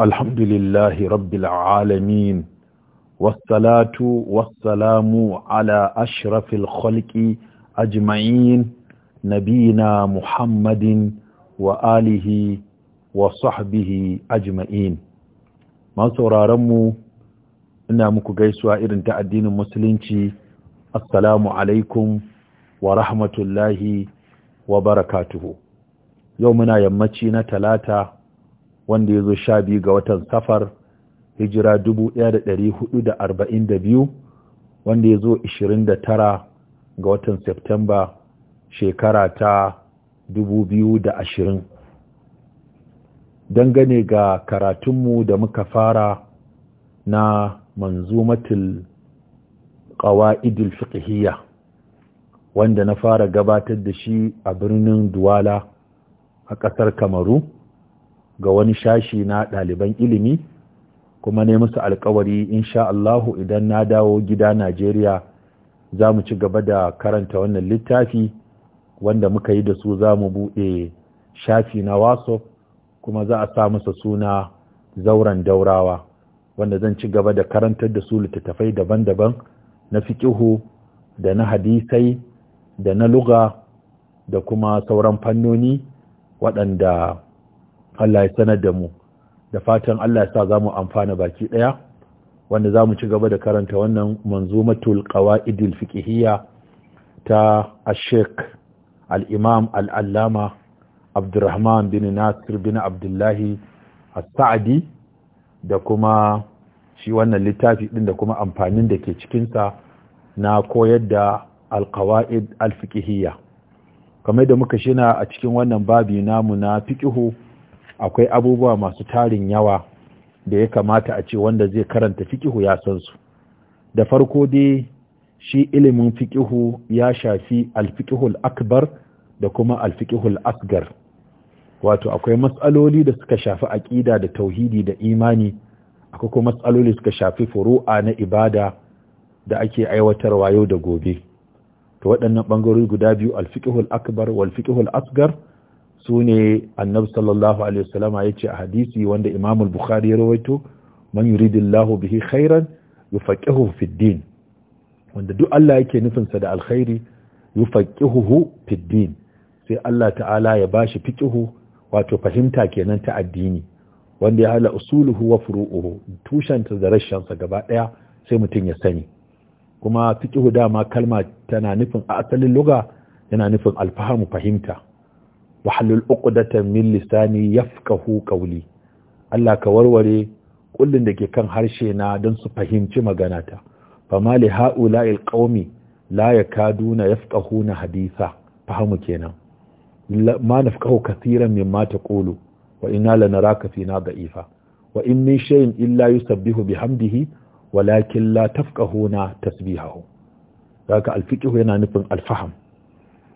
الحمد لله رب العالمين والصلاة والسلام على أشرف الخلق أجمعين نبينا محمد وآله وصحبه أجمعين ما سرارمو ina muku gaisuwa irin ta addinin musulunci assalamu alaikum wa rahmatullahi wa barakatuhu yau muna yammaci na talata wanda ya zo sha biyu ga watan safar hijira dubu ɗaya da ɗari hudu da arba'in da biyu wanda ya zo ishirin da tara ga watan septemba shekara ta dubu biyu da ashirin dangane ga karatunmu da muka fara na manzumatul ƙawa'idul fiƙihiyya wanda na fara gabatar da shi a birnin duwala a ƙasar kamaru ga wani shashi na ɗaliban ilimi kuma ne musu alkawari insha Allahu idan na dawo gida Najeriya za mu ci gaba da karanta wannan littafi wanda muka yi da su za mu buɗe shafi na waso kuma za a sa masa suna zauren daurawa wanda zan ci gaba da karantar da su littattafai daban-daban na fiƙihu da na hadisai da na luga da kuma sauran fannoni waɗanda Allah ya sanar da mu da fatan Allah ya sa za mu amfana baki ɗaya wanda za mu ci gaba da karanta wannan manzumatul qawa'idil fiqhiyya ta ash-sheikh al-imam al-allama Abdurrahman bin Nasir bin Abdullahi as-Sa'di da kuma shi wannan littafi din da kuma amfanin da ke cikinsa na koyar da al-qawa'id al-fiqhiyya kamar da muka shina a cikin wannan babi namu na fiqhu akwai abubuwa masu tarin yawa da ya kamata a ce wanda zai karanta fikihu ya san su da farko dai shi ilimin fikihu ya shafi alfikihul akbar da kuma alfikihul asgar wato akwai matsaloli da suka shafi aƙida da tauhidi da imani akwai kuma matsaloli suka shafi furu'a na ibada da ake aiwatarwa yau da gobe to waɗannan ɓangarori guda biyu alfikihul akbar wal fikihul asgar su ne annabi sallallahu alaihi wasallam ya ce a hadisi wanda imam al-bukhari ya rawaito man yuridillahu bihi khairan yufaqihuhu fid din wanda duk Allah yake nufin sa da alkhairi yufaqihuhu fid din sai Allah ta'ala ya bashi fiqihu wato fahimta kenan ta addini wanda ya hala usuluhu wa furu'uhu tushenta da rashansa gaba daya sai mutum ya sani kuma fiqihu dama kalma tana nufin a asalin lugha yana nufin alfahamu fahimta wa halul uqdatan min lisani yafqahu qawli Allah ka warware kullun da ke kan harshe na don su fahimci maganata fama li ha'ula'il qaumi la yakaduna yafqahuna haditha fahamu kenan ma nafqahu katiran mimma taqulu wa inna lanaraka fina da'ifa wa in min shay'in illa yusabbihu bihamdihi walakin la tafqahuna tasbihahu zaka alfiqhu yana nufin alfaham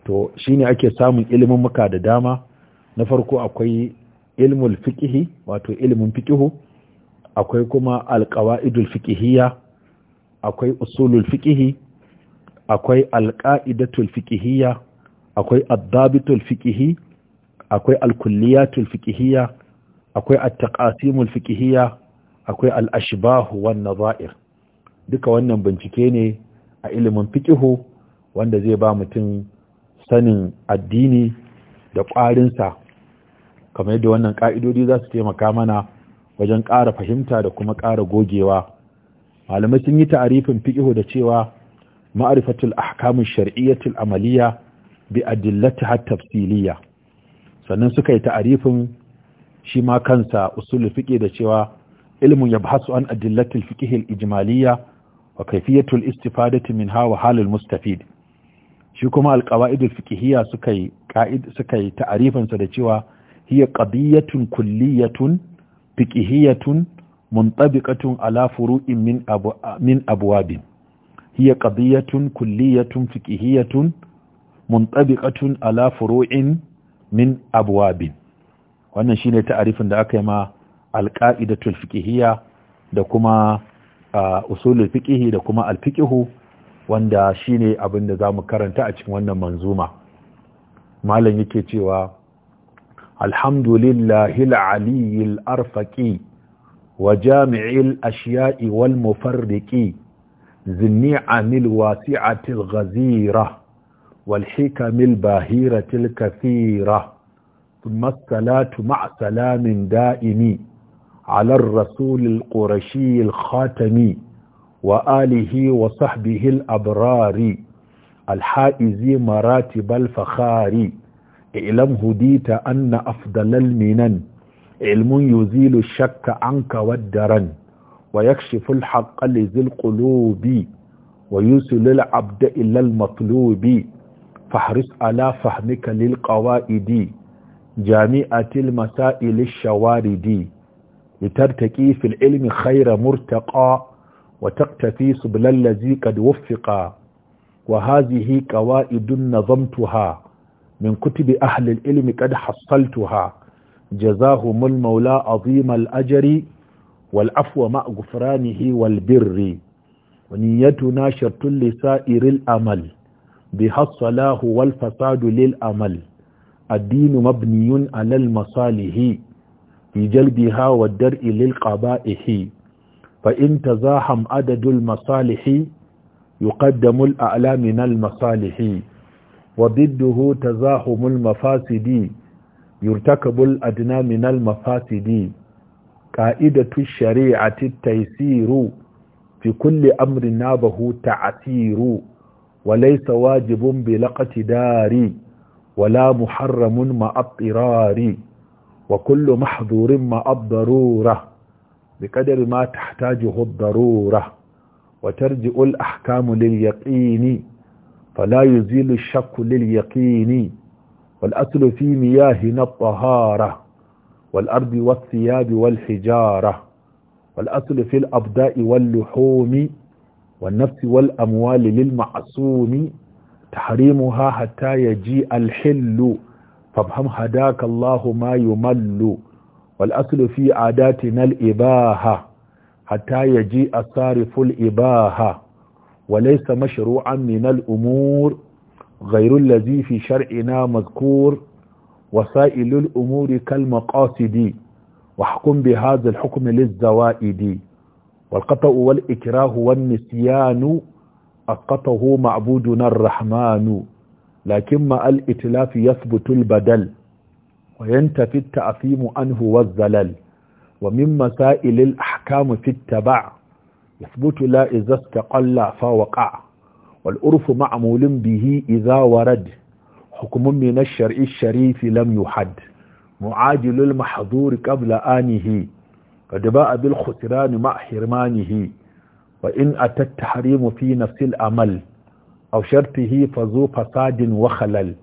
to shine ake samun ilimin muka da dama na farko akwai ilmul fiƙihi wato ilimin fikihu, akwai kuma idul fiqhiyya akwai usulul fiƙihi akwai alƙa'idatul fiqhiyya akwai addabitul fiƙihi akwai alkulliyatul fiqhiyya akwai attaqasimul fiqhiyya akwai al'ashibahu, wan za'ir. duka wannan bincike ne a ilimin fikihu wanda zai ba mutum sanin addini da ƙwarinsa kamar yadda wannan ƙa'idodi za su taimaka mana wajen ƙara fahimta da kuma ƙara gogewa malamai sun yi ta'arifin fiƙihu da cewa ma'arifatul ahkamun shar'iyyatul amaliya bi har tafsiliya sannan suka yi ta'arifin shi ma kansa usul fiƙe da cewa ilmun yabhasu an adillatil fiqhi al ijmaliyya wa kayfiyatul istifadati min hawa halil mustafid shi kuma alqawaidul fiqhiyya suka yi ka'id suka yi ta'arifin sa da cewa hiya qadiyyatun kulliyatun fiqhiyyatun muntabiqatun ala furu'in min abu min abwabin hiya qadiyyatun kulliyatun fiqhiyyatun muntabiqatun ala furu'in min abwabin wannan shine ta'arifin da aka yi ma alqaidatul fiqhiyya da kuma usulul fiqhi da kuma alfiqhu wanda shine abin da zamu karanta a cikin wannan manzuma malam yake cewa alhamdulillahil aliyil arfaqi wa jami'il ashiya'i wal mufarriqi ذي wasi'atil ghazira wal hikamil bahiratil kathira ثم الصلاة مع سلام دائم على الرسول القرشي الخاتمي وآله وصحبه الأبرار الحائز مراتب الفخار اعلم هديت أن أفضل المنن علم يزيل الشك عنك والدرن ويكشف الحق لذي القلوب ويوصل العبد إلى المطلوب فاحرص على فهمك للقواعد جامعة المسائل الشوارد لترتقي في العلم خير مرتقى وتقتفي سبل الذي قد وفق وهذه قواعد نظمتها من كتب أهل العلم قد حصلتها جزاهم المولى عظيم الأجر والعفو مع غفرانه والبر ونيتنا شرط لسائر الأمل بها الصلاة والفساد للأمل الدين مبني على المصالح في جلبها والدرء للقبائح فإن تزاحم عدد المصالح يقدم الأعلى من المصالح وضده تزاحم المفاسد يرتكب الأدنى من المفاسد قائدة الشريعة التيسير في كل أمر نابه تعسير وليس واجب بلا اقتدار ولا محرم مع اضطرار وكل محظور مع الضروره بقدر ما تحتاجه الضرورة وترجع الأحكام لليقين فلا يزيل الشك لليقين والأصل في مياهنا الطهارة والأرض والثياب والحجارة والأصل في الأبداء واللحوم والنفس والأموال للمعصوم تحريمها حتى يجيء الحل فابهم هداك الله ما يمل والأصل في عاداتنا الإباحة حتى يجيء الصارف الإباحة وليس مشروعا من الأمور غير الذي في شرعنا مذكور وسائل الأمور كالمقاصد واحكم بهذا الحكم للزوائد والقطأ والإكراه والنسيان أسقطه معبودنا الرحمن لكن مع الإتلاف يثبت البدل وينتفي التأثيم عنه والزلل ومن مسائل الأحكام في التبع يثبت لا إذا استقل فوقع والأرف معمول به إذا ورد حكم من الشرع الشريف لم يحد معاجل المحظور قبل آنه قد باء بالخسران مع حرمانه وإن أتى التحريم في نفس الأمل أو شرطه فذو فساد وخلل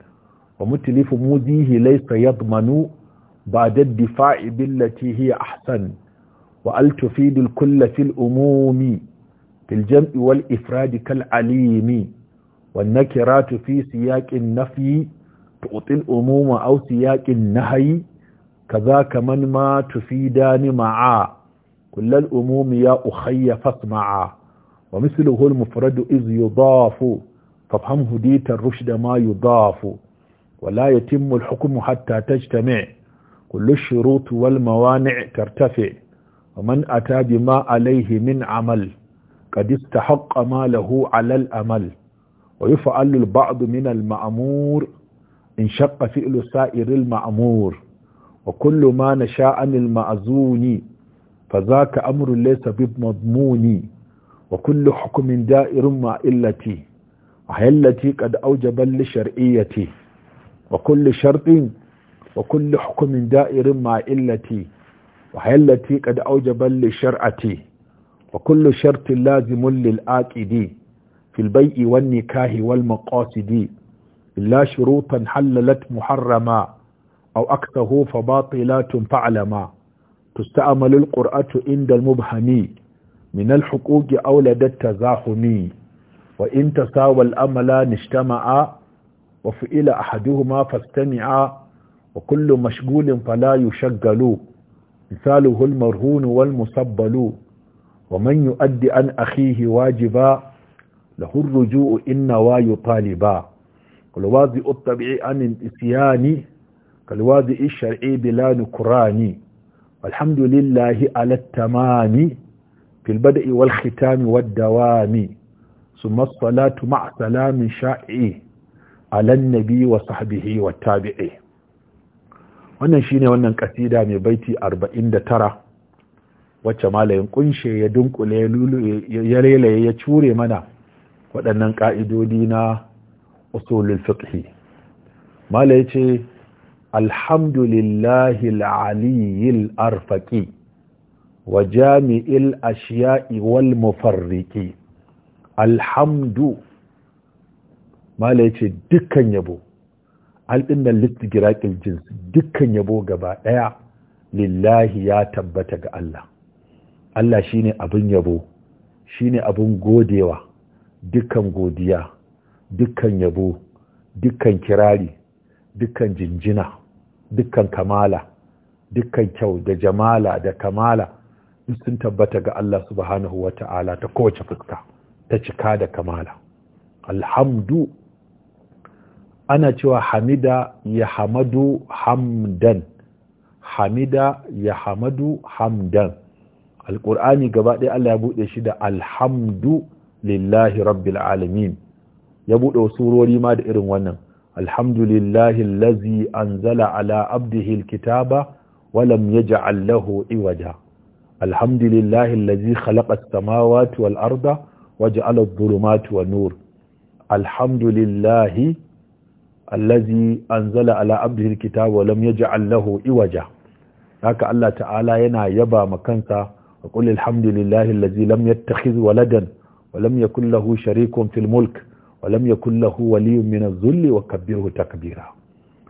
ومتلف موديه ليس يضمن بعد الدفاع بالتي هي أحسن وأل تفيد الكل في الأموم في الجمع والإفراد كالعليم والنكرات في سياق النفي تعطي الأموم أو سياق النهي كذاك من ما تفيدان معا كل الأموم يا أخي فاسمعا ومثله المفرد إذ يضاف فافهمه ديت الرشد ما يضاف ولا يتم الحكم حتى تجتمع كل الشروط والموانع ترتفع ومن أتى بما عليه من عمل قد استحق ما له على الأمل ويفعل البعض من المأمور إن شق فئل سائر المأمور وكل ما نشاء عن المأزون فذاك أمر ليس بمضمون وكل حكم دائر مع إلتي وهي التي قد أوجب لشرعيتي وكل شرط وكل حكم دائر مع إلتي وهي التي قد أوجب لشرعتي وكل شرط لازم للآكد في البيع والنكاه والمقاصد إلا شروطا حللت محرما أو أكثه فباطلات فعلما تستعمل القرآن عند المبهم من الحقوق أولد التزاحم وإن تساوى الأملان اجتمعا وفئل أحدهما فاستمع وكل مشغول فلا يشغل مثاله المرهون والمصبل ومن يؤدي عن أخيه واجبا له الرجوع إن ويطالبا كالوازي الطبيعي عن الإسيان كالوازي الشرعي بلا نكران والحمد لله على التمام في البدء والختام والدوام ثم الصلاة مع سلام شائع alan nabi wa sahbihi wa tabi'i wannan shine wannan kasida mai baiti 49 wacce malayin kunshe ya dunkule ya lelaye ya cure mana waɗannan ƙa'idodi na usulul fiqhi mala yace alhamdulillahi al-aliyyil arfaqi wa jami'il ashiya'i wal mufarriqi alhamdu mala ya ce dukkan yabo al'ummar nan littigiraƙil jins dukkan yabo gaba ɗaya lillahi ya tabbata ga Allah Allah shine abin yabo shine abin godewa dukkan godiya dukkan yabo dukkan kirari dukkan jinjina dukkan kamala dukkan kyau da jamala da kamala sun tabbata ga Allah subhanahu wa ta'ala ta kowace fuska ta cika da kamala alhamdu ana cewa hamida ya hamadu hamdan hamida ya hamadu hamdan alƙur'ani gaba ɗaya Allah ya buɗe shi da alhamdu lillahi rabbil alamin ya buɗe surori ma da irin wannan alhamdulillahi lazi anzala ala abdihi kitaba walam yaj'al lahu iwaja alhamdulillahi khalaƙa khalaqa as-samawati wal arda waje adh-dhulumati wa nur alhamdulillahi allazi anzala ala abdihi alkitaba wa lam yaj'al lahu iwaja haka Allah ta'ala yana yaba ma kansa wa qul alhamdulillahi allazi lam yattakhidh waladan wa lam yakul lahu sharikun fil mulk wa lam yakul lahu waliyyun min adh-dhulli wa kabbirhu takbira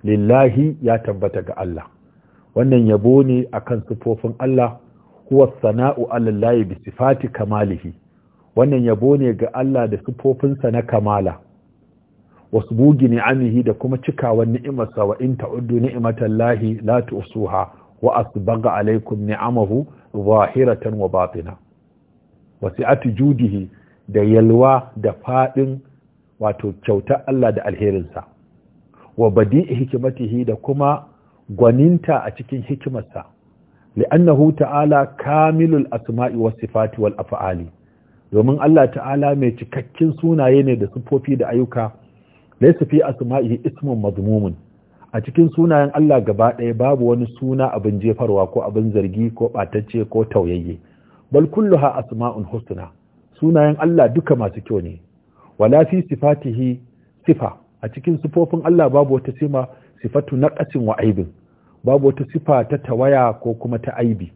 lillahi ya tabbata ga Allah wannan yabo ne akan sifofin Allah huwa sana'u ala allahi bi sifati kamalihi wannan yabo ne ga Allah da sifofinsa na kamala wasu bugi ne amihi da kuma cikawan ni'imarsa wa in ta'uddu lahi la tusuha wa asbaga alaikum ni'amahu zahiratan wa batina wasi'atu judihi da yalwa da fadin wato kyauta Allah da alherinsa wa badi'i hikmatihi da kuma gwaninta a cikin hikimarsa li'annahu ta'ala kamilul asma'i was sifati wal af'ali domin Allah ta'ala mai cikakken sunaye ne da sifofi da ayyuka laysa fi asma'ihi ismun madmumun a cikin sunayen Allah gaba ɗaya babu wani suna abin jefarwa ko abin zargi ko ɓatacce ko tauyayye bal kulluha asma'un husna sunayen Allah duka masu kyau ne wala fi sifatihi sifa a cikin sifofin Allah babu wata sima sifatu naqasin wa aibin babu wata sifa ta tawaya ko kuma ta aibi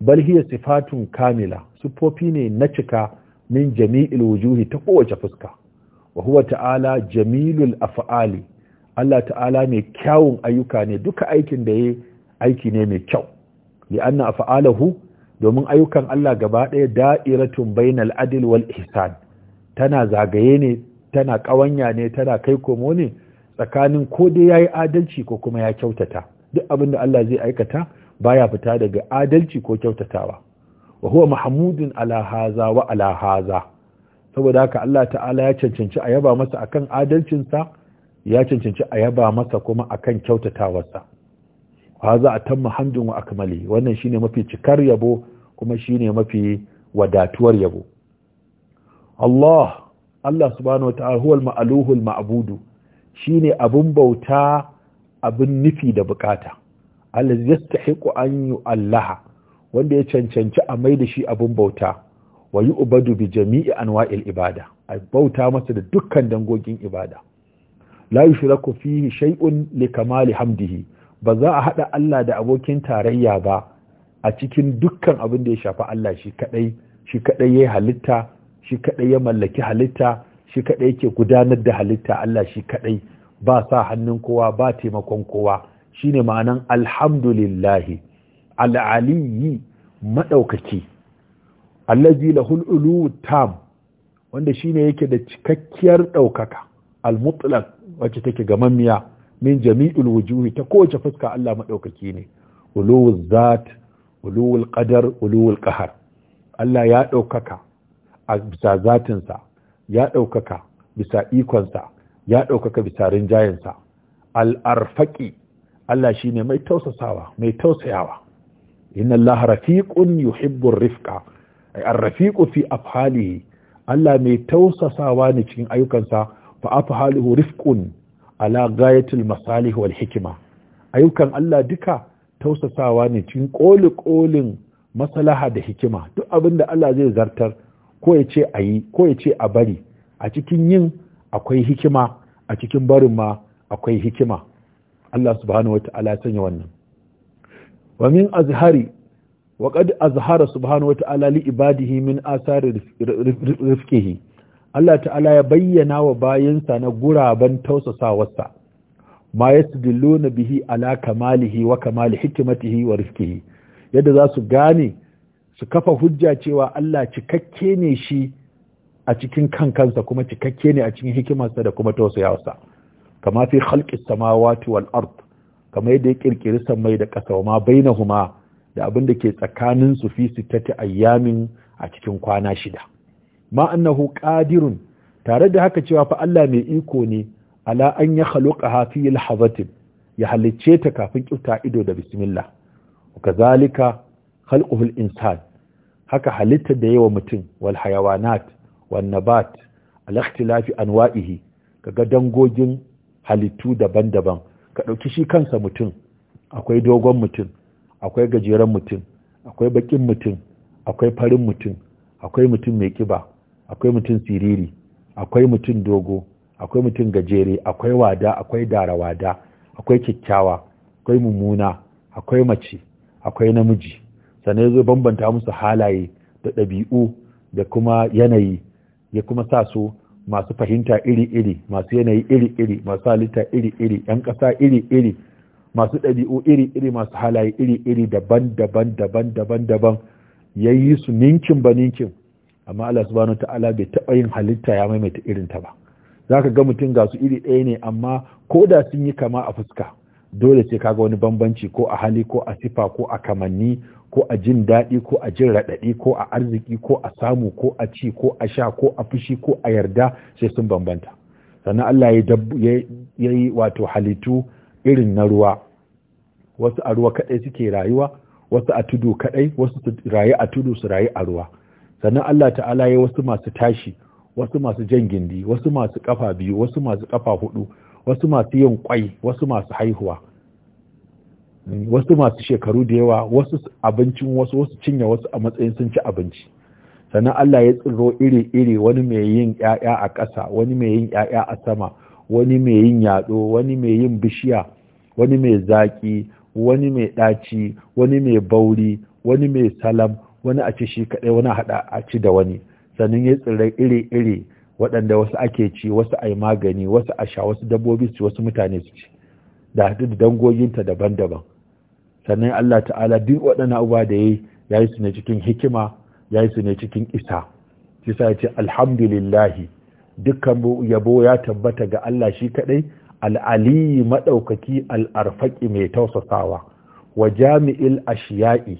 bal hiya sifatun kamila sifofi ne na cika min jami'il wujuhi ta kowace fuska wa huwa ta'ala jamilul af'ali Allah ta'ala mai kyawun ayyuka ne duka aikin da yayi aiki ne mai kyau anna af'alahu domin ayyukan Allah gaba ɗaya da'iratun bainal adl wal ihsan tana zagaye ne tana ƙawanya ne tana kai komo ne tsakanin ko dai yayi adalci ko kuma ya kyautata duk abin da Allah zai aikata baya fita daga adalci ko kyautatawa wa huwa mahmudun ala haza wa ala haza saboda haka Allah ta'ala ya cancanci a yaba masa akan adalcinsa ya cancanci a yaba masa kuma akan kyautatawarsa a tamma hamdun wa akmali wannan shine mafi cikar yabo kuma shine mafi wadatuwar yabo Allah Allah subhanahu wa ta'ala huwal ma'aluhul ma'budu shine abun bauta abin nufi da bukata allazi yastahiqu an yu'allaha wanda ya cancanci a mai shi abun bauta wa yi ubadu bi jami'i anwa'il ibada a bauta masa da dukkan dangogin ibada la yushraku fihi shay'un li kamali hamdihi ba za a haɗa Allah da abokin tarayya ba a cikin dukkan abin da ya shafa Allah shi kadai shi kadai yayi halitta shi kadai ya mallaki halitta shi kadai yake gudanar da halitta Allah shi kadai ba sa hannun kowa ba taimakon kowa shine ma'anan alhamdulillahi yi madaukaki allazi lahul ulu tam wanda shine yake da cikakkiyar daukaka al mutlaq wacce take gamammiya min jami'ul wujuhi ta kowace fuska Allah madaukaki ne uluwuz zat uluwul qadar uluwul qahar Allah ya daukaka a bisa zatinsa ya daukaka bisa ikonsa ya daukaka bisa rinjayensa al arfaqi Allah shine mai tausasawa mai tausayawa inna Allah rafiqun ar rifqa ar-rafiqu fi afhalihi Allah mai tausasawa ne cikin ayyukansa fa afhaluhu rifqun ala ghayatil masalih wal hikma ayyukan Allah duka tausasawa ne cikin koli-kolin masalaha da hikima duk abin da Allah zai zartar ko yace ce a ko yace a bari a cikin yin akwai hikima a cikin barin ma akwai hikima Allah subhanahu wata'ala sanya wannan wa min azhari waƙad azhara subhanahu wa ta'ala li ibadihi min asari rifkihi Allah ta'ala ya bayyana wa bayansa na guraben tausasawarsa ma yasdilluna bihi ala kamalihi wa kamali hikmatihi wa rifkihi yadda za su gane su kafa hujja cewa Allah cikakke ne shi a cikin kankansa kuma cikakke ne a cikin hikimarsa da kuma tausayawarsa kama fi khalqis samawati wal ard kama yadda ya kirkiri mai da ƙasa ma bainahuma da abin da ke tsakanin su fi sittati ayyamin a cikin kwana shida ma annahu qadirun tare da haka cewa fa Allah mai iko ne ala an ya hafi fi lahabatin ya halicce ta kafin kifta ido da bismillah kazalika khalquhul insan haka halitta da yawa mutum wal hayawanat wan nabat al ikhtilafi anwa'ihi kaga dangogin halittu daban-daban ka ɗauki shi kansa mutum akwai dogon mutum akwai gajeren mutum akwai bakin mutum akwai farin mutum akwai mutum mai kiba akwai mutum siriri akwai mutum dogo akwai mutum gajere akwai wada akwai dara wada akwai kyakkyawa akwai mummuna akwai mace akwai namiji sannan zai bambanta musu halaye da ɗabi'u da kuma yanayi ya kuma sa su masu fahimta iri-iri masu yanayi iri-iri masu halitta iri-iri 'yan ƙasa iri-iri masu ɗabi'u iri-iri masu halaye iri-iri daban-daban daban-daban daban ya yi su ninkin ba ninkin amma Allah subhanahu ta'ala bai taɓa yin halitta ya maimaita irin ta ba za ka ga mutum ga su iri ɗaya ne amma ko da sun yi kama a fuska dole sai kaga wani bambanci ko a hali ko a sifa ko a kamanni ko a jin daɗi ko a jin raɗaɗi ko a arziki ko a samu ko a ci ko a sha ko a fushi ko a yarda sai sun bambanta sannan Allah ya yi wato halittu irin na ruwa wasu a ruwa kaɗai suke rayuwa wasu a tudu kaɗai wasu su rayu a tudu su rayu a ruwa sannan Allah ta'ala ya wasu masu tashi wasu masu jan gindi wasu masu kafa biyu wasu masu kafa hudu wasu masu yin kwai wasu masu haihuwa wasu masu shekaru da yawa wasu abincin wasu wasu cinye wasu a matsayin sun ci abinci sannan Allah ya tsiro iri-iri wani mai yin ƴaƴa a ƙasa wani mai yin ƴaƴa a sama wani mai yin yaɗo wani mai yin bishiya wani mai zaƙi wani mai ɗaci wani mai bauri wani mai salam wani a ci shi kaɗai wani haɗa a ci da wani sannan ya tsirrai iri-iri waɗanda wasu ake ci wasu a magani wasu a sha wasu dabbobi su wasu mutane su ci da haɗu da dangoginta daban-daban sannan Allah ta'ala duk waɗannan abubuwa da yayi ya yi su ne cikin hikima ya yi su ne cikin isa shi sa ya ce alhamdulillahi dukkan yabo ya tabbata ga Allah shi kaɗai al'aliyi maɗaukaki al'arfaƙi mai tausasawa wa jami'il ashiya'i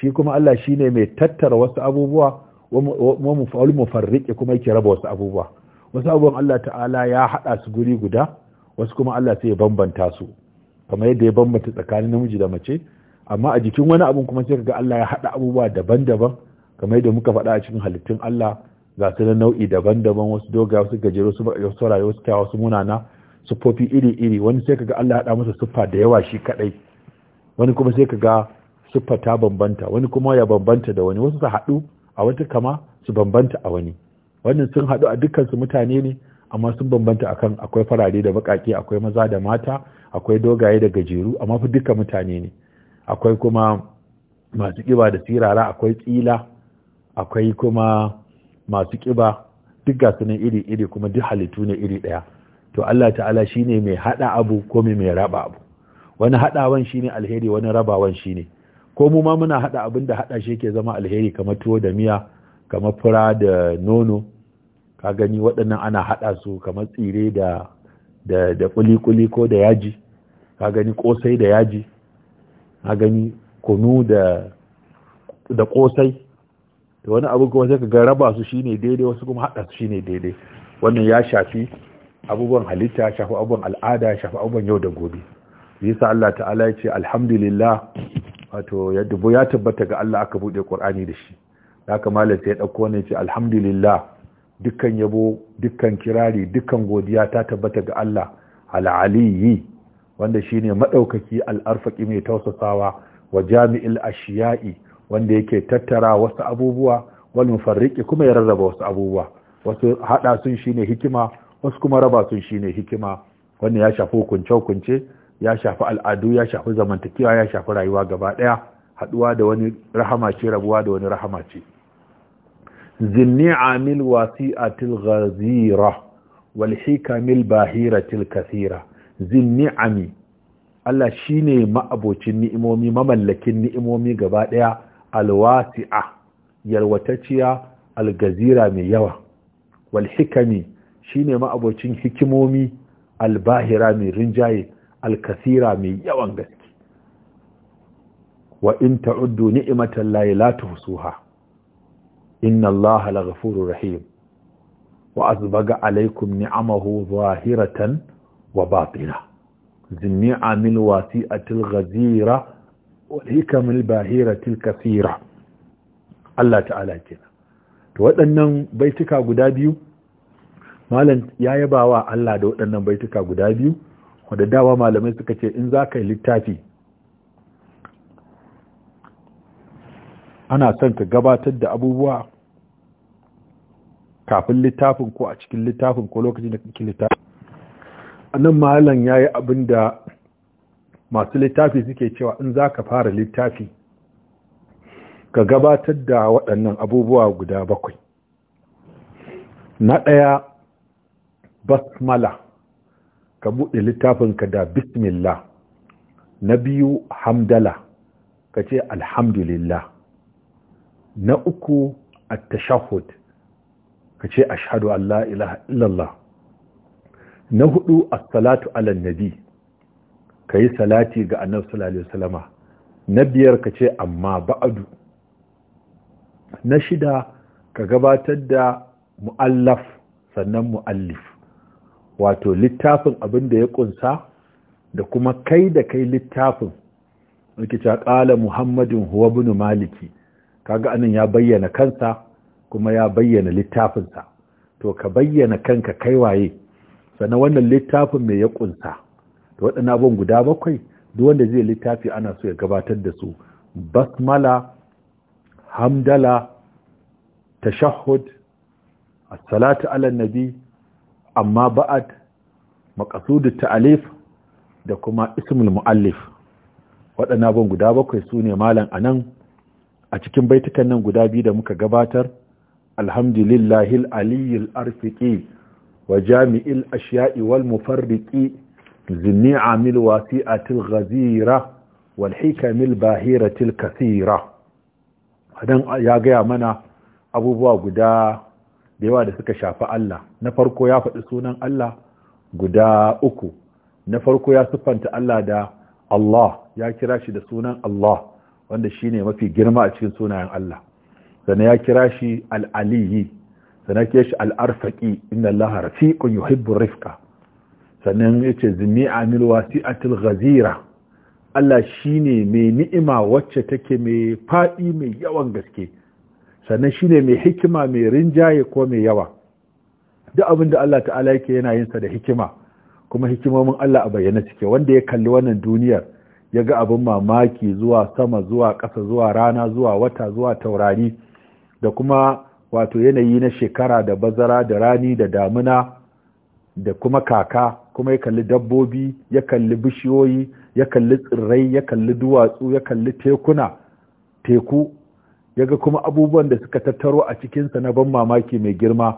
shi kuma Allah shi ne mai tattara wasu abubuwa wa mufarriƙi kuma yake raba wasu abubuwa wasu abubuwan Allah ta'ala ya haɗa su guri guda wasu kuma Allah sai ya bambanta su kamar yadda ya bambanta tsakanin namiji da mace amma a jikin wani abun kuma sai ga Allah ya haɗa abubuwa daban-daban kamar yadda muka faɗa a cikin halittun Allah ga su nau'i daban-daban wasu doga wasu gajeru wasu wasu rayuwa wasu kyawa wasu munana siffofi iri-iri wani sai kaga Allah ya haɗa masa siffa da yawa shi kadai wani kuma sai kaga siffa ta bambanta wani kuma ya bambanta da wani wasu su haɗu a wata kama su bambanta a wani wannan sun haɗu a dukkan su mutane ne amma sun bambanta akan akwai farare da baƙaƙe akwai maza da mata akwai dogaye da gajeru amma fi duka mutane ne akwai kuma masu ƙiba da sirara akwai tsila akwai kuma masu ƙiba duk ga sunan iri-iri kuma duk halittu ne iri ɗaya to Allah ta'ala shine mai haɗa abu ko mai raba abu wani haɗawan shine alheri wani rabawan shine ko mu ma muna haɗa abin da haɗa shi yake zama alheri kamar tuwo da miya kamar fura da nono ka gani waɗannan ana haɗa su kamar tsire da da da kuli-kuli ko da yaji ka gani kosai da yaji ka gani kunu da da kosai da wani abu kuma sai ka ga raba su shine daidai wasu kuma haɗa su shine daidai wannan ya shafi abubuwan halitta shafi abubuwan al'ada shafi abubuwan yau da gobe sa Allah ta'ala ya ce alhamdulillah wato ya dubo ya tabbata ga Allah aka bude Qur'ani da shi haka malam sai ya dauko ne ce alhamdulillah dukkan yabo dukkan kirari dukkan godiya ta tabbata ga Allah al-aliyyi wanda shine madaukaki al mai tausasawa wa jami'il ashiya'i wanda yake tattara wasu abubuwa wal mufarriqi kuma ya rarraba wasu abubuwa wasu hada sun shine hikima wasu kuma raba sun shine hikima wannan ya shafi hukunce hukunce ya shafi al'adu ya shafi zamantakewa ya shafi rayuwa gaba daya haduwa da wani rahama ce rabuwa da wani rahama ce zinni amil wasi'atil ghazira wal hikamil bahiratil kathira zinni ami Allah shine ma'abocin ni'imomi mamallakin ni'imomi gaba ɗaya alwasi'a yalwatacciya algazira mai yawa wal hikami shine ma'abocin hikimomi albahira mai rinjaye alkasira mai yawan gaske wa in ta'uddu ni'matan la la tuhsuha inna allaha laghafurur rahim wa azbaga alaykum ni'amahu zahiratan wa batina zinni'a min wasi'atil ghazira والحكم الباهرة الكثيرة Allah ta'ala kenan to waɗannan baituka guda biyu malam ya yaba wa Allah da waɗannan baituka guda biyu wanda dawa malamai suka ce in za ka yi littafi ana son ka gabatar da abubuwa kafin littafin ko a cikin littafin ko lokacin da kake littafin annan malam ya yi abin da masu littafi suke cewa in za ka fara littafi ka gabatar da waɗannan abubuwa guda bakwai na ɗaya basmala ka buɗe littafinka da bismillah na biyu hamdala ka ce alhamdulillah na uku attashahud tashahud ka ce ashhadu allah ilaha illallah na hudu assalatu salatu ala nabi ka yi salati ga annabi sallallahu alaihi na biyar ka ce amma ba'adu na shida ka gabatar da mu'allaf sannan mu'allif wato littafin abin da ya kunsa da kuma kai da kai littafin wake ta kala muhammadin huwa bin maliki kaga anan ya bayyana kansa kuma ya bayyana littafinsa to ka bayyana kanka kai waye sannan wannan littafin me ya kunsa Da waɗannan abin guda bakwai duk wanda zai littafi ana so ya gabatar da su basmala hamdala Tashahud, as-salatu ala nabi amma ba'ad maqasudut ta'alif da kuma ismul muallif waɗannan abin guda bakwai su ne malam anan a cikin baitukan nan guda biyu da muka gabatar alhamdulillahil Aliyu arfiqi wa jami'il ashiya'i wal mufarriqi zinni amil wasi'atil ghazira wal hikamil bahiratil kasira adan ya gaya mana abubuwa guda da yawa da suka shafi Allah na farko ya faɗi sunan Allah guda uku na farko ya siffanta Allah da Allah ya kira shi da sunan Allah wanda shi ne mafi girma a cikin sunayen Allah sannan ya kira shi al'aliyi sannan ya kira shi al'arfaƙi inna Allah rafiqun yuhibbu rifka sannan ya ce zumi amil wasi'atul gazira Allah shi ne mai ni'ima wacce take mai faɗi mai yawan gaske sannan shi ne mai hikima mai rinjaye ko mai yawa duk abin da Allah ta'ala yake yana yin sa da hikima kuma hikimomin Allah a bayyana cike wanda ya kalli wannan duniyar ya ga abin mamaki zuwa sama zuwa ƙasa zuwa rana zuwa wata zuwa taurari da kuma wato yanayi na shekara da bazara da rani da damuna da kuma kaka kuma ya kalli dabbobi ya kalli bishiyoyi ya kalli tsirrai ya kalli duwatsu ya kalli tekuna teku ya ga kuma abubuwan da suka tattaro a cikinsa na ban mamaki mai girma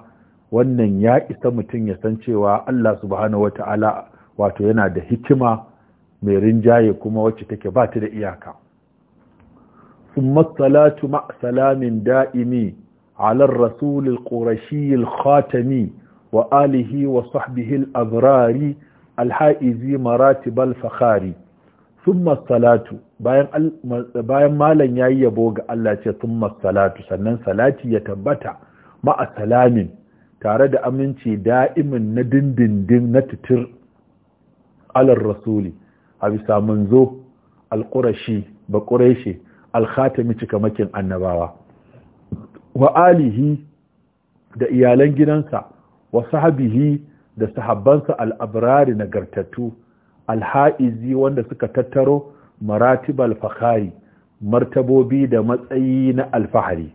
wannan ya isa mutum ya san cewa Allah subhanahu ta'ala wato yana da hikima mai rinjaye kuma wacce take ba ta da iyaka summa salatu ma salamin da'imi ala rasulil qurashiyil khatami wa alihi wa الحائز مراتب abrari ثم الصلاة bayan malam ya yayi yabo ga Allah ce sun masalatu sannan salati ya tabbata ma'a salamin tare da aminci da'imin na dindindin na titir alar rasuli a bisa manzo alƙurashi ba ƙurashi cika cikamakin annabawa wa alihi da iyalan gidansa wa sahabihi da sahabbansa al'abrari nagartattu alha'izi wanda suka tattaro maratib alfahari martabobi da matsayi na alfahari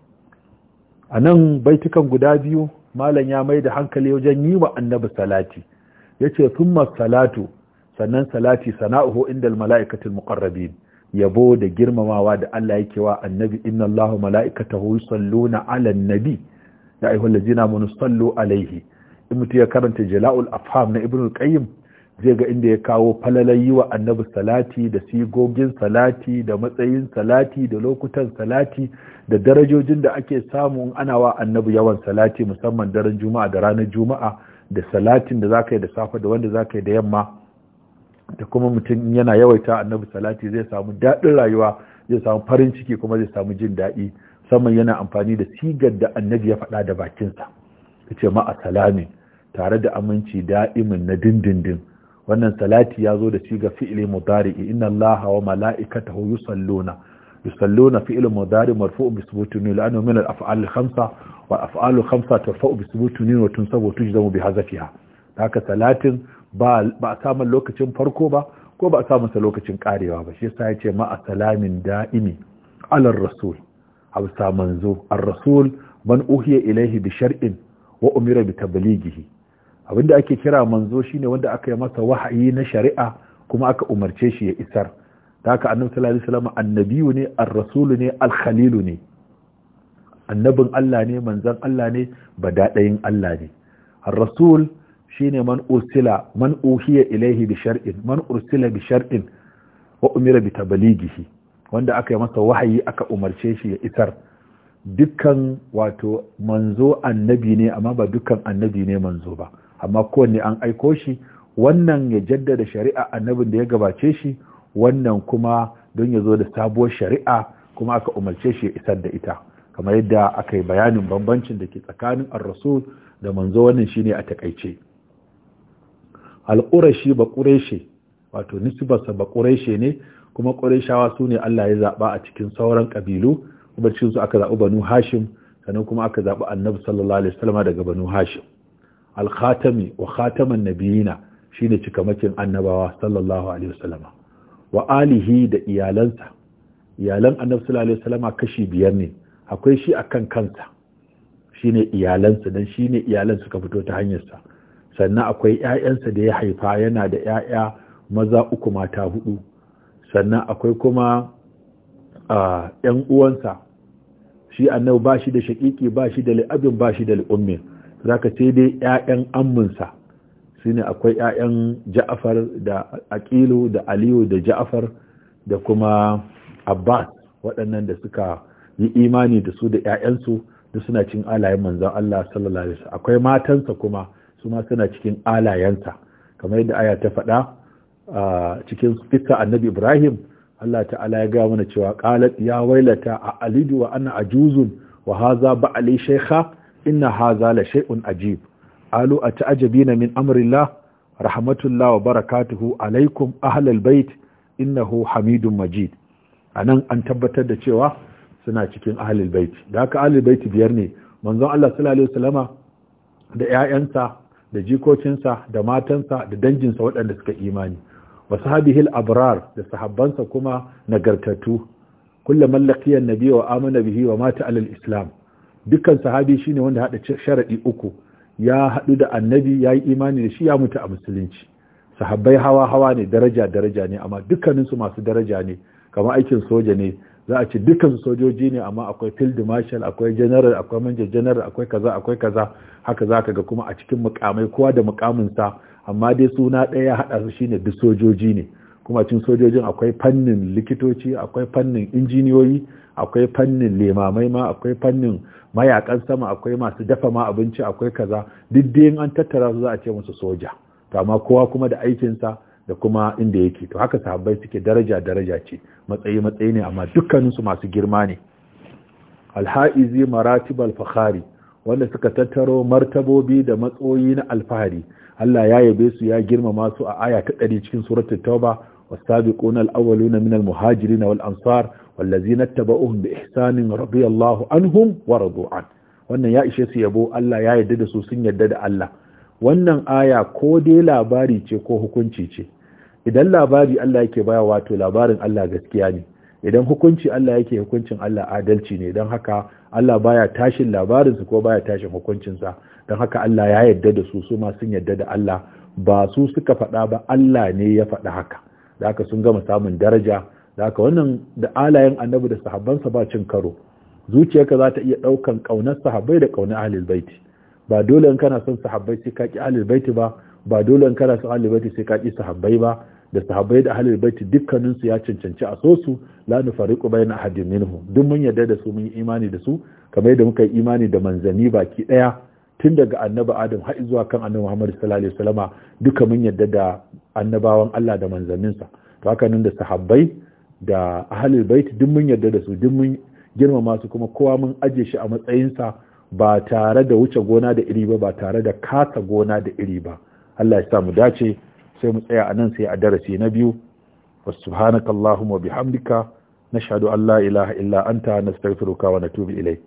a nan baitukan guda biyu malam ya mai da hankali wajen yi wa annabi salati ya ce sun salatu sannan salati sana'uhu inda mala'ikatul muqarrabin yabo da girmamawa da Allah yake wa annabi inna Allahu mala'ikatahu yusalluna 'alan nabi ya ayyuhallazina amanu sallu alaihi in mutum ya karanta jala'ul afham na ibn qayyim zai ga inda ya kawo falalayi wa annabi salati da sigogin salati da matsayin salati da lokutan salati da darajojin da ake samu in ana wa annabi yawan salati musamman daren juma'a da ranar juma'a da salatin da zaka yi da safe da wanda zaka yi da yamma da kuma mutum yana yawaita annabi salati zai samu daɗin rayuwa zai samu farin ciki kuma zai samu jin daɗi saman yana amfani da sigar da annabi ya faɗa da bakinsa. ce ma'a asalami tare da aminci da'imin na dindindin wannan salati ya zo da shi ga fi'ili mudari'i inna allaha wa mala'ikatahu yusalluna yusalluna fi'il mudari marfu'u bi thubuti nun la'anna min al-af'al al-khamsa wa al-af'al al-khamsa tarfa'u bi thubuti nun wa tunsabu tujzamu bi hazafiha haka salatin ba ba samun lokacin farko ba ko ba samun sa lokacin karewa ba shi yasa yace ma salamin da'imi ala rasul abu sa manzo ar-rasul man uhiya ilayhi bi shar'in wa umira bi tablighihi abinda ake kira manzo shine wanda aka yi masa wahayi na shari'a kuma aka umarce shi ya isar ta haka annabi sallallahu alaihi wasallam annabiyu ne ar rasul ne al khalil ne annabin Allah ne manzon Allah ne badadayin Allah ne ar-rasul shine man ursila man uhiya ilaihi bi shar'in man ursila bi shar'in wa umira bi tablighihi wanda aka yi masa wahayi aka umarce shi ya isar dukkan wato manzo annabi ne amma ba dukkan annabi ne manzo ba amma kowanne an aiko shi wannan ya jaddada shari'a annabin da ya gabace shi wannan kuma don ya zo da sabuwar shari'a kuma aka umarce shi isar da ita kamar yadda aka yi bayanin bambancin da ke tsakanin ar-rasul da manzo wannan shine a takaice al-qurashi ba qurayshi wato nisbarsa ba qurayshi ne kuma su sune Allah ya zaba a cikin sauran kabilu kuma su aka zaɓi banu hashim sannan kuma aka zaɓi annabi sallallahu alaihi wasallama daga banu hashim al-khatami wa khataman nabiyina shine cikamakin annabawa sallallahu alaihi wasallama wa alihi da iyalansa iyalan annabi sallallahu alaihi wasallama kashi biyar ne akwai shi akan kansa shine iyalansa dan shine iyalan suka fito ta hanyarsa sannan akwai ƴaƴansa da ya haifa yana da ƴaƴa maza uku mata hudu sannan akwai kuma ‘yan uwansa shi annabi ba shi da shaƙiƙi ba shi da li'abin ba shi da li'ummin za ka ce dai ‘ya'yan amminsa shi ne akwai ‘ya'yan ja'afar da aƙilu da aliyu da ja'afar da kuma abbas waɗannan da suka yi imani da su da ‘ya'yansu da suna cin alayen manzan Allah sallallahu akwai matansa kuma su ma suna cikin alayensa kamar yadda aya ta faɗa cikin fiska annabi ibrahim Allah ta'ala ya gaya mana cewa qalat ya wailata a alidu wa ana ajuzun wa haza ba ali shaykha inna haza la shay'un ajib alu ata'ajabina min amrillah rahmatullah wa barakatuhu alaikum ahlal bait innahu hamidun majid anan an tabbatar da cewa suna cikin ahlal bait da haka ahlal bait biyar ne manzon Allah sallallahu alaihi wasallama da ƴaƴansa da jikokinsa da matansa da danginsa waɗanda suka imani wa sahabihil abrar da sahabbansa kuma nagartattu kulle mallakiyar laqiya wa amana bihi wa mata alal islam dukkan sahabi shine wanda hada sharadi uku ya hadu da annabi yayi imani da shi ya mutu a musulunci sahabbai hawa hawa ne daraja daraja ne amma dukkaninsu masu daraja ne kamar aikin soja ne za a ce dukkan sojoji ne amma akwai field marshal akwai general akwai manja general akwai kaza akwai kaza haka zaka ga kuma a cikin mukamai kowa da mukamin sa amma dai suna ɗaya ya haɗa su shine duk sojoji ne kuma cin sojojin akwai fannin likitoci akwai fannin injiniyoyi akwai fannin limamai ma akwai fannin mayakan sama akwai masu dafa ma abinci akwai kaza duk dai an tattara su za a ce musu soja to amma kowa kuma da aikinsa da kuma inda yake to haka sahabbai suke daraja daraja ce matsayi matsayi ne amma dukkaninsu masu girma ne alha'izi maratib al-fakhari wanda suka tattaro martabobi da matsoyi na alfahari Allah ya yabe su ya girmama su a aya ta 100 cikin suratul tauba والسابقون الأولون من wal والأنصار والذين اتبعوهم ihsanin ihsanin الله عنهم wa radu'an wannan ya ishe su yabo Allah ya yarda da su sun yadda da Allah wannan aya ko dai labari ce ko hukunci ce idan labari Allah yake baya wato labarin Allah gaskiya ne idan hukunci Allah yake hukuncin Allah adalci ne don haka Allah baya tashin labarinsu ko baya tashin hukuncinsa don haka Allah ya yadda da su su masu sun yarda da Allah ba su suka faɗa ba Allah ne ya faɗa haka da haka sun gama samun daraja da haka wannan da alayen annabi da sahabbansa ba cin karo zuciyarka za ta iya ɗaukan ƙaunar sahabbai da ƙaunar ahlul baiti ba dole in kana son sahabbai sai ka ki ahlul baiti ba ba dole in kana son ahlul baiti sai ka ki sahabbai ba da sahabbai da ahlul baiti dukkanin su ya cancanci a so su la nufariqu bayna ahadin minhum duk mun yarda da su mun yi imani da su kamar yadda muka yi imani da manzani baki daya tun daga annabi adam har zuwa kan annabi muhammad sallallahu alaihi wasallama duka mun yarda da annabawan Allah da sa to haka nan da sahabbai da ahlul baiti duk mun yarda da su duk mun girmama su kuma kowa mun aje shi a matsayinsa ba tare da wuce gona da iri ba ba tare da kasa gona da iri ba Allah ya sa mu dace sai mu tsaya a nan sai a darasi na biyu wa subhanakallahumma bihamdika nashhadu an la ilaha illa anta nastaghfiruka wa natubu ilayk